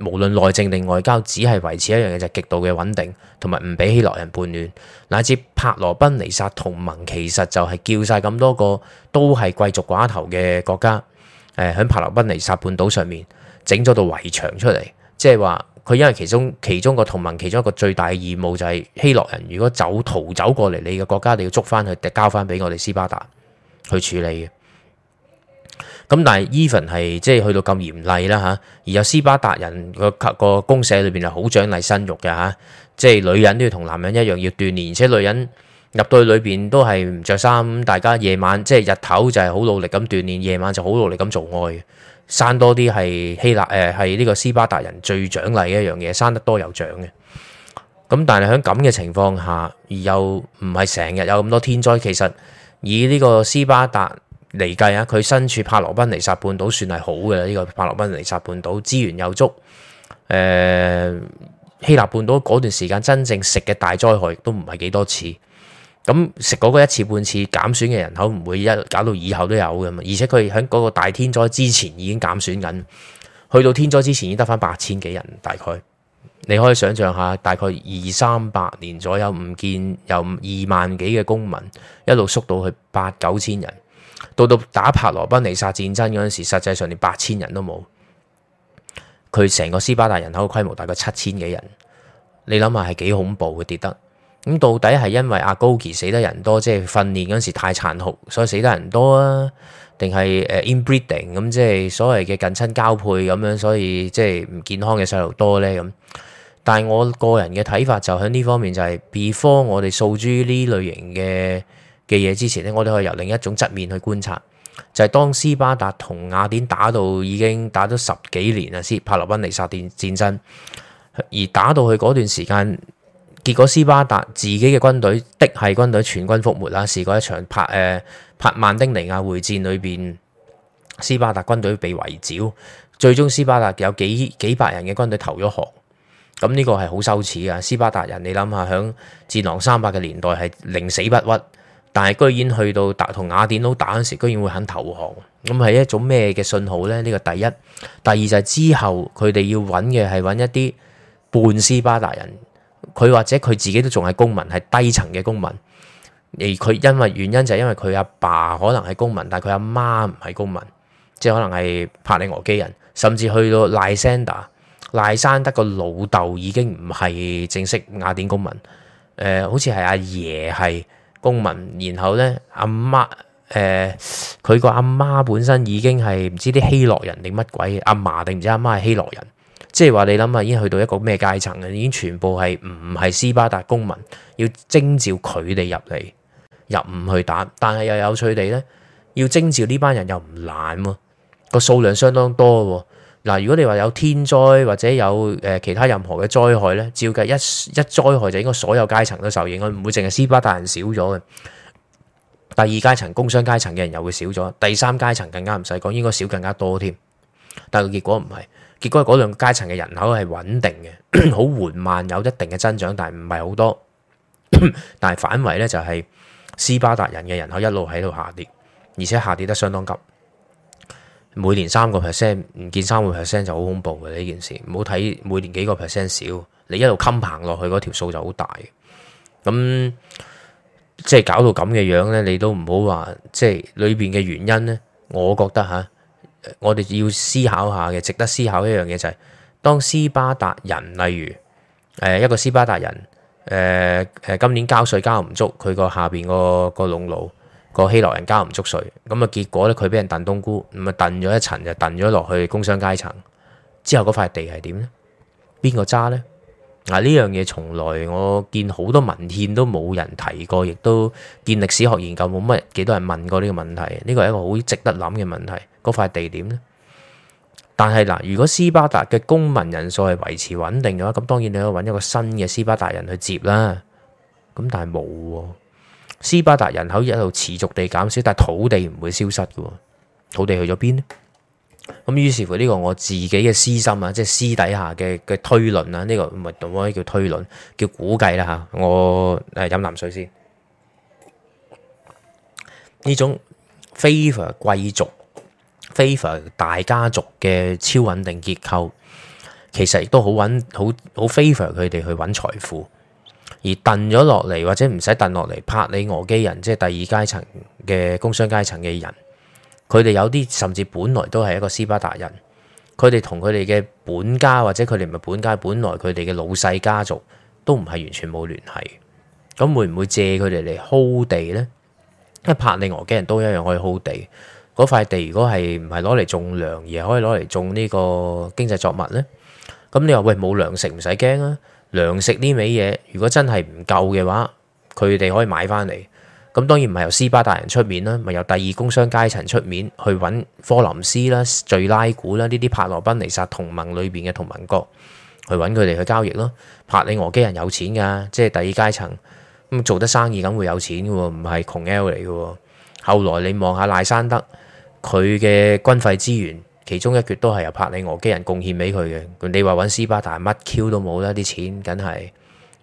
無論內政定外交，只係維持一樣嘢就極度嘅穩定，同埋唔俾希洛人叛亂。乃至柏羅賓尼薩同盟，其實就係叫晒咁多個都係貴族寡頭嘅國家，誒喺柏羅賓尼薩半島上面整咗道圍牆出嚟，即係話佢因為其中其中個同盟其中一個最大嘅義務就係希洛人如果走逃走過嚟，你嘅國家你要捉翻佢，交翻俾我哋斯巴達去處理嘅。咁但係 even 係即係去到咁嚴厲啦吓，而有斯巴達人個個公社裏邊係好獎勵生育嘅吓，即係女人都要同男人一樣要鍛煉，而且女人入到去裏邊都係唔着衫，大家夜晚即係日頭就係好努力咁鍛煉，夜晚就好努力咁做愛，生多啲係希臘誒係呢個斯巴達人最獎勵嘅一樣嘢，生得多有獎嘅。咁但係喺咁嘅情況下，又唔係成日有咁多天災，其實以呢個斯巴達嚟計啊！佢身處帕羅賓尼薩半島算係好嘅，呢、這個帕羅賓尼薩半島資源又足。誒、呃，希臘半島嗰段時間真正食嘅大災害都唔係幾多次。咁食嗰個一次半次減損嘅人口唔會一搞到以後都有㗎嘛。而且佢喺嗰個大天災之前已經減損緊，去到天災之前已經得返八千幾人，大概你可以想象下，大概二三百年左右唔見由二萬幾嘅公民一路縮到去八九千人。到到打帕羅賓尼薩戰爭嗰陣時，實際上連八千人都冇。佢成個斯巴達人口嘅規模大概七千幾人，你諗下係幾恐怖嘅跌得。咁到底係因為阿高基死得人多，即係訓練嗰陣時太殘酷，所以死得人多啊？定係誒 inbreeding 咁，eding, 即係所謂嘅近親交配咁樣，所以即係唔健康嘅細路多咧咁？但係我個人嘅睇法就喺呢方面就係、是、before 我哋掃諸呢類型嘅。嘅嘢之前咧，我哋可以由另一種側面去觀察，就係、是、當斯巴達同雅典打到已經打咗十幾年啊，斯帕洛賓尼薩戰戰爭，而打到去嗰段時間，結果斯巴達自己嘅軍隊嫡系軍隊全軍覆沒啦，試過一場帕誒帕曼丁尼亞會戰裏邊，斯巴達軍隊被圍剿，最終斯巴達有幾幾百人嘅軍隊投咗降，咁呢個係好羞恥啊！斯巴達人，你諗下響戰狼三百嘅年代係寧死不屈。但係居然去到同雅典佬打嗰時，居然會肯投降，咁係一種咩嘅信號咧？呢個第一，第二就係之後佢哋要揾嘅係揾一啲半斯巴達人，佢或者佢自己都仲係公民，係低層嘅公民，而佢因為原因就係因為佢阿爸可能係公民，但係佢阿媽唔係公民，即係可能係帕里俄基人，甚至去到賴山德，賴山德個老豆已經唔係正式雅典公民，誒，好似係阿爺係。公民，然後咧，阿媽，誒佢個阿媽本身已經係唔知啲希洛人定乜鬼，阿嫲定唔知阿媽係希洛人，即係話你諗下，已經去到一個咩階層嘅，已經全部係唔係斯巴達公民，要徵召佢哋入嚟入伍去打，但係又有趣地咧，要徵召呢班人又唔懶喎，個數量相當多喎。嗱，如果你話有天災或者有誒、呃、其他任何嘅災害咧，照計一一災害就應該所有階層都受影響，唔會淨係斯巴達人少咗嘅。第二階層、工商階層嘅人又會少咗，第三階層更加唔使講，應該少更加多添。但係結果唔係，結果係嗰兩個階層嘅人口係穩定嘅，好 緩慢有一定嘅增長，但係唔係好多。 但係反為咧就係斯巴達人嘅人口一路喺度下跌，而且下跌得相當急。每年三個 percent，唔見三個 percent 就好恐怖嘅呢件事。唔好睇每年幾個 percent 少，你一路襟行落去嗰條數就好大。咁即係搞到咁嘅樣咧，你都唔好話，即係裏邊嘅原因咧。我覺得吓，我哋要思考下嘅，值得思考一樣嘢就係、是，當斯巴達人，例如誒、呃、一個斯巴達人，誒、呃、誒今年交稅交唔足，佢、個下邊、個個農奴。個希羅人交唔足稅，咁啊結果咧佢俾人燉冬菇，咁啊燉咗一層就燉咗落去工商階層。之後嗰塊地係點咧？邊個揸咧？嗱、啊、呢樣嘢從來我見好多文獻都冇人提過，亦都見歷史學研究冇乜幾多人問過呢個問題。呢個係一個好值得諗嘅問題。嗰塊地點咧，但係嗱、啊，如果斯巴達嘅公民人數係維持穩定嘅話，咁當然你可以揾一個新嘅斯巴達人去接啦。咁但係冇喎。斯巴達人口一路持續地減少，但土地唔會消失嘅喎，土地去咗邊咧？咁於是乎呢個我自己嘅私心啊，即係私底下嘅嘅推論啊。呢個唔係我啲叫推論，叫估計啦嚇。我誒飲啖水先。呢種 favor 貴族，favor 大家族嘅超穩定結構，其實亦都好揾，好好 favor 佢哋去揾財富。而墊咗落嚟，或者唔使墊落嚟，帕里俄基人即係第二階層嘅工商階層嘅人，佢哋有啲甚至本來都係一個斯巴達人，佢哋同佢哋嘅本家或者佢哋唔係本家，本來佢哋嘅老世家族都唔係完全冇聯繫。咁會唔會借佢哋嚟 hold 地咧？因為帕里俄基人都一樣可以 hold 地。嗰塊地如果係唔係攞嚟種糧，而係可以攞嚟種呢個經濟作物咧，咁你話喂冇糧食唔使驚啊？糧食呢味嘢，如果真係唔夠嘅話，佢哋可以買翻嚟。咁當然唔係由斯巴達人出面啦，咪由第二工商階層出面去揾科林斯啦、敍拉古啦呢啲帕羅賓尼薩同盟裏邊嘅同盟國去揾佢哋去交易咯。帕里俄基人有錢㗎，即係第二階層咁做得生意咁會有錢㗎喎，唔係窮 L 嚟㗎喎。後來你望下賴山德，佢嘅軍費資源。其中一橛都係由柏里俄基人貢獻俾佢嘅，你話揾斯巴達乜 Q 都冇啦，啲錢梗係，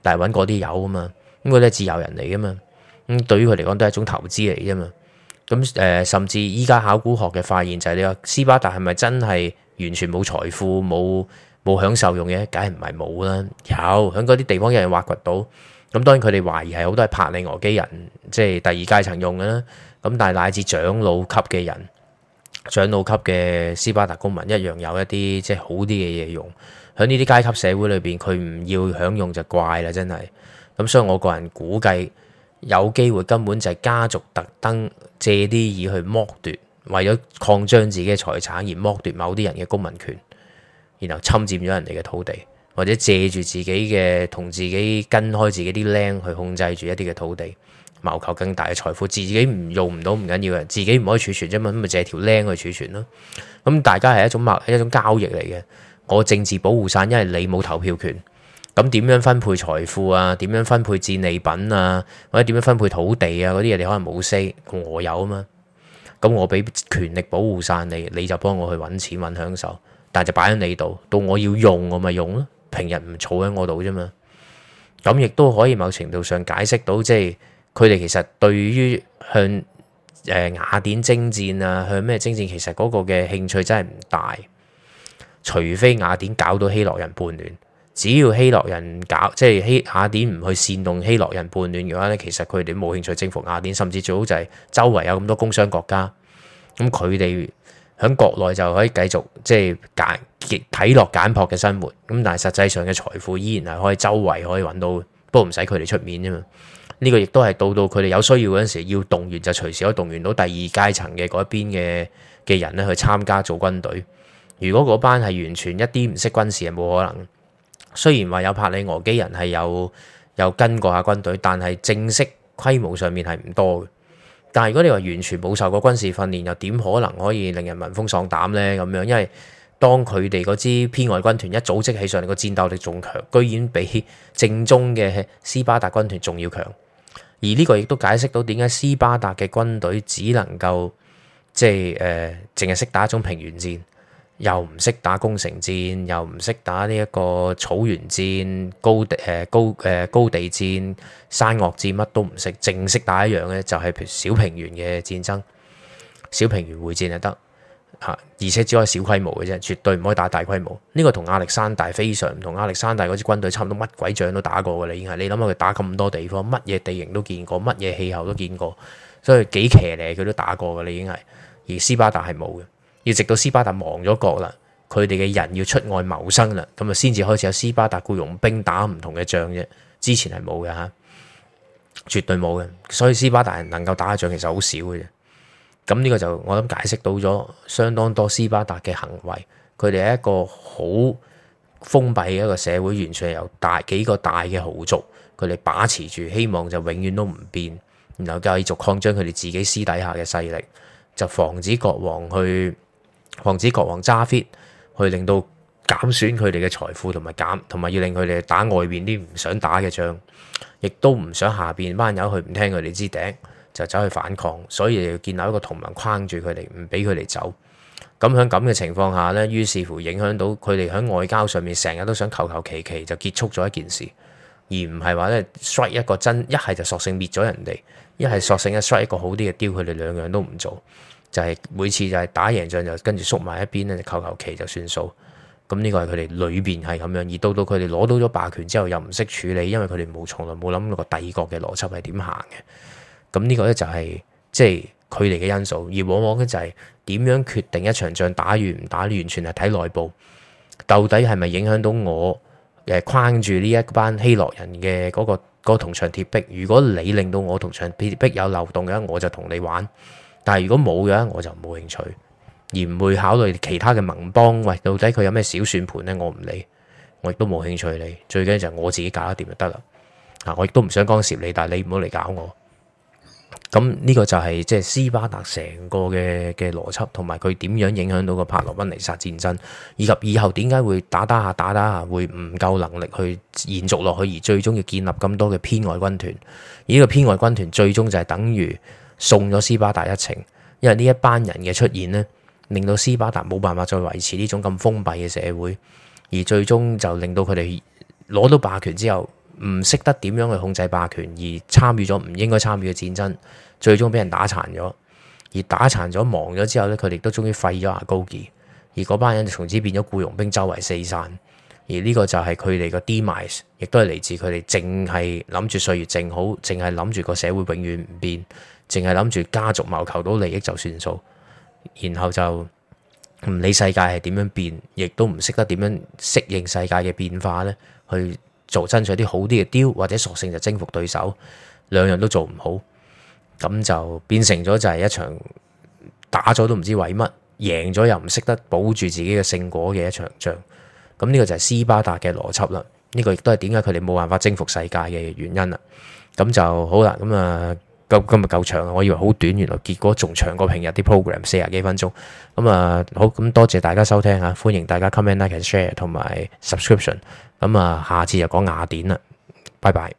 但係揾嗰啲有啊嘛，咁佢咧自由人嚟㗎嘛。咁、嗯、對於佢嚟講都係一種投資嚟㗎嘛，咁誒、呃、甚至依家考古學嘅發現就係你話斯巴達係咪真係完全冇財富冇冇享受用嘅？梗係唔係冇啦，有喺嗰啲地方有人挖掘到，咁當然佢哋懷疑係好多係柏里俄基人即係、就是、第二階層用啦，咁但係乃至長老級嘅人。長老級嘅斯巴達公民一樣有一啲即係好啲嘅嘢用，喺呢啲階級社會裏邊，佢唔要享用就怪啦，真係。咁所以我個人估計有機會根本就係家族特登借啲意去剝奪，為咗擴張自己嘅財產而剝奪某啲人嘅公民權，然後侵佔咗人哋嘅土地，或者借住自己嘅同自己跟開自己啲靚去控制住一啲嘅土地。謀求更大嘅財富，自己唔用唔到唔緊要嘅，自己唔可以儲存啫嘛，咁咪借條僆去儲存咯。咁大家係一種默一種交易嚟嘅。我政治保護傘，因為你冇投票權。咁點樣分配財富啊？點樣分配戰利品啊？或者點樣分配土地啊？嗰啲嘢你可能冇識，我有啊嘛。咁我俾權力保護傘你，你就幫我去揾錢揾享受，但係就擺喺你度，到我要用我咪用咯。平日唔儲喺我度啫嘛。咁亦都可以某程度上解釋到即係。佢哋其實對於向誒、呃、雅典征戰啊，向咩征戰，其實嗰個嘅興趣真係唔大。除非雅典搞到希洛人叛亂，只要希洛人搞，即係希雅典唔去煽動希洛人叛亂嘅話咧，其實佢哋都冇興趣征服雅典，甚至最好就係周圍有咁多工商國家，咁佢哋喺國內就可以繼續即係簡睇落簡樸嘅生活。咁但係實際上嘅財富依然係可以周圍可以揾到，不過唔使佢哋出面啫嘛。呢個亦都係到到佢哋有需要嗰陣時，要動員就隨時可以動員到第二階層嘅嗰一邊嘅嘅人咧去參加做軍隊。如果嗰班係完全一啲唔識軍事，係冇可能。雖然話有帕里俄基人係有有跟過下軍隊，但係正式規模上面係唔多。但係如果你話完全冇受過軍事訓練，又點可能可以令人聞風喪膽咧？咁樣，因為當佢哋嗰支編外軍團一組織起上嚟，個戰鬥力仲強，居然比正宗嘅斯巴達軍團仲要強。而呢個亦都解釋到點解斯巴達嘅軍隊只能夠即係誒，淨係識打一種平原戰，又唔識打攻城戰，又唔識打呢一個草原戰、高地、呃、高、呃、高地戰、山岳戰，乜都唔識，淨係識打一樣嘅就係小平原嘅戰爭，小平原會戰就得。吓！而且只可以小規模嘅啫，絕對唔可以打大規模。呢個同亞歷山大非常唔同，亞歷山大嗰支軍隊差唔多，乜鬼仗都打過噶啦，已經係，你諗下佢打咁多地方，乜嘢地形都見過，乜嘢氣候都見過，所以幾騎呢佢都打過噶啦，已經係。而斯巴達係冇嘅，要直到斯巴達亡咗國啦，佢哋嘅人要出外謀生啦，咁啊先至開始有斯巴達雇傭兵打唔同嘅仗啫。之前係冇嘅吓，絕對冇嘅。所以斯巴達人能夠打嘅仗其實好少嘅啫。咁呢個就我諗解釋到咗相當多斯巴達嘅行為，佢哋係一個好封閉嘅一個社會，完全由大幾個大嘅豪族佢哋把持住，希望就永遠都唔變，然後繼續擴張佢哋自己私底下嘅勢力，就防止國王去防止國王揸 fit，去令到減損佢哋嘅財富同埋減，同埋要令佢哋打外面啲唔想打嘅仗，亦都唔想下邊班友去唔聽佢哋支笛。就走去反抗，所以又建立一個同盟框住佢哋，唔俾佢哋走。咁喺咁嘅情況下咧，於是乎影響到佢哋喺外交上面成日都想求求其其就結束咗一件事，而唔係話咧甩一個真，一係就索性滅咗人哋，一係索性啊甩一個好啲嘅丟佢哋，兩樣都唔做，就係每次就係打贏仗就跟住縮埋一邊咧，就求求其就算數。咁呢個係佢哋裏邊係咁樣，而到到佢哋攞到咗霸權之後又唔識處理，因為佢哋冇從來冇諗過帝國嘅邏輯係點行嘅。咁呢個咧就係、是、即係距離嘅因素，而往往咧就係、是、點樣決定一場仗打完唔打，完全係睇內部，到底係咪影響到我誒框住呢一班希洛人嘅嗰、那個嗰、那個銅牆鐵壁？如果你令到我銅牆鐵壁有漏洞嘅，我就同你玩；但係如果冇嘅，我就冇興趣，而唔會考慮其他嘅盟邦。喂，到底佢有咩小算盤咧？我唔理，我亦都冇興趣理。最緊要就係我自己搞得掂就得啦。嗱，我亦都唔想干涉你，但係你唔好嚟搞我。咁呢個就係即係斯巴達成個嘅嘅邏輯，同埋佢點樣影響到個伯羅奔尼撒戰爭，以及以後點解會打打下打打下會唔夠能力去延續落去，而最終要建立咁多嘅編外軍團。而呢個編外軍團最終就係等於送咗斯巴達一程，因為呢一班人嘅出現呢，令到斯巴達冇辦法再維持呢種咁封閉嘅社會，而最終就令到佢哋攞到霸權之後，唔識得點樣去控制霸權，而參與咗唔應該參與嘅戰爭，最終俾人打殘咗，而打殘咗、亡咗之後咧，佢哋都終於廢咗阿高杰，ogi, 而嗰班人就從此變咗僱傭兵，周圍四散，而呢個就係佢哋嘅 demise，亦都係嚟自佢哋淨係諗住歲月靜好，淨係諗住個社會永遠唔變，淨係諗住家族謀求到利益就算數，然後就唔理世界係點樣變，亦都唔識得點樣適應世界嘅變化咧，去。做爭取啲好啲嘅 deal，或者索性就征服對手，兩樣都做唔好，咁就變成咗就係一場打咗都唔知為乜，贏咗又唔識得保住自己嘅勝果嘅一場仗。咁呢個就係斯巴達嘅邏輯啦，呢個亦都係點解佢哋冇辦法征服世界嘅原因啦。咁就好啦，咁啊今今日夠長啦，我以為好短，原來結果仲長過平日啲 program 四十幾分鐘。咁啊好，咁多謝大家收聽吓，歡迎大家 comment、like、share 同埋 subscription。咁啊，下次就講雅典啦，拜拜。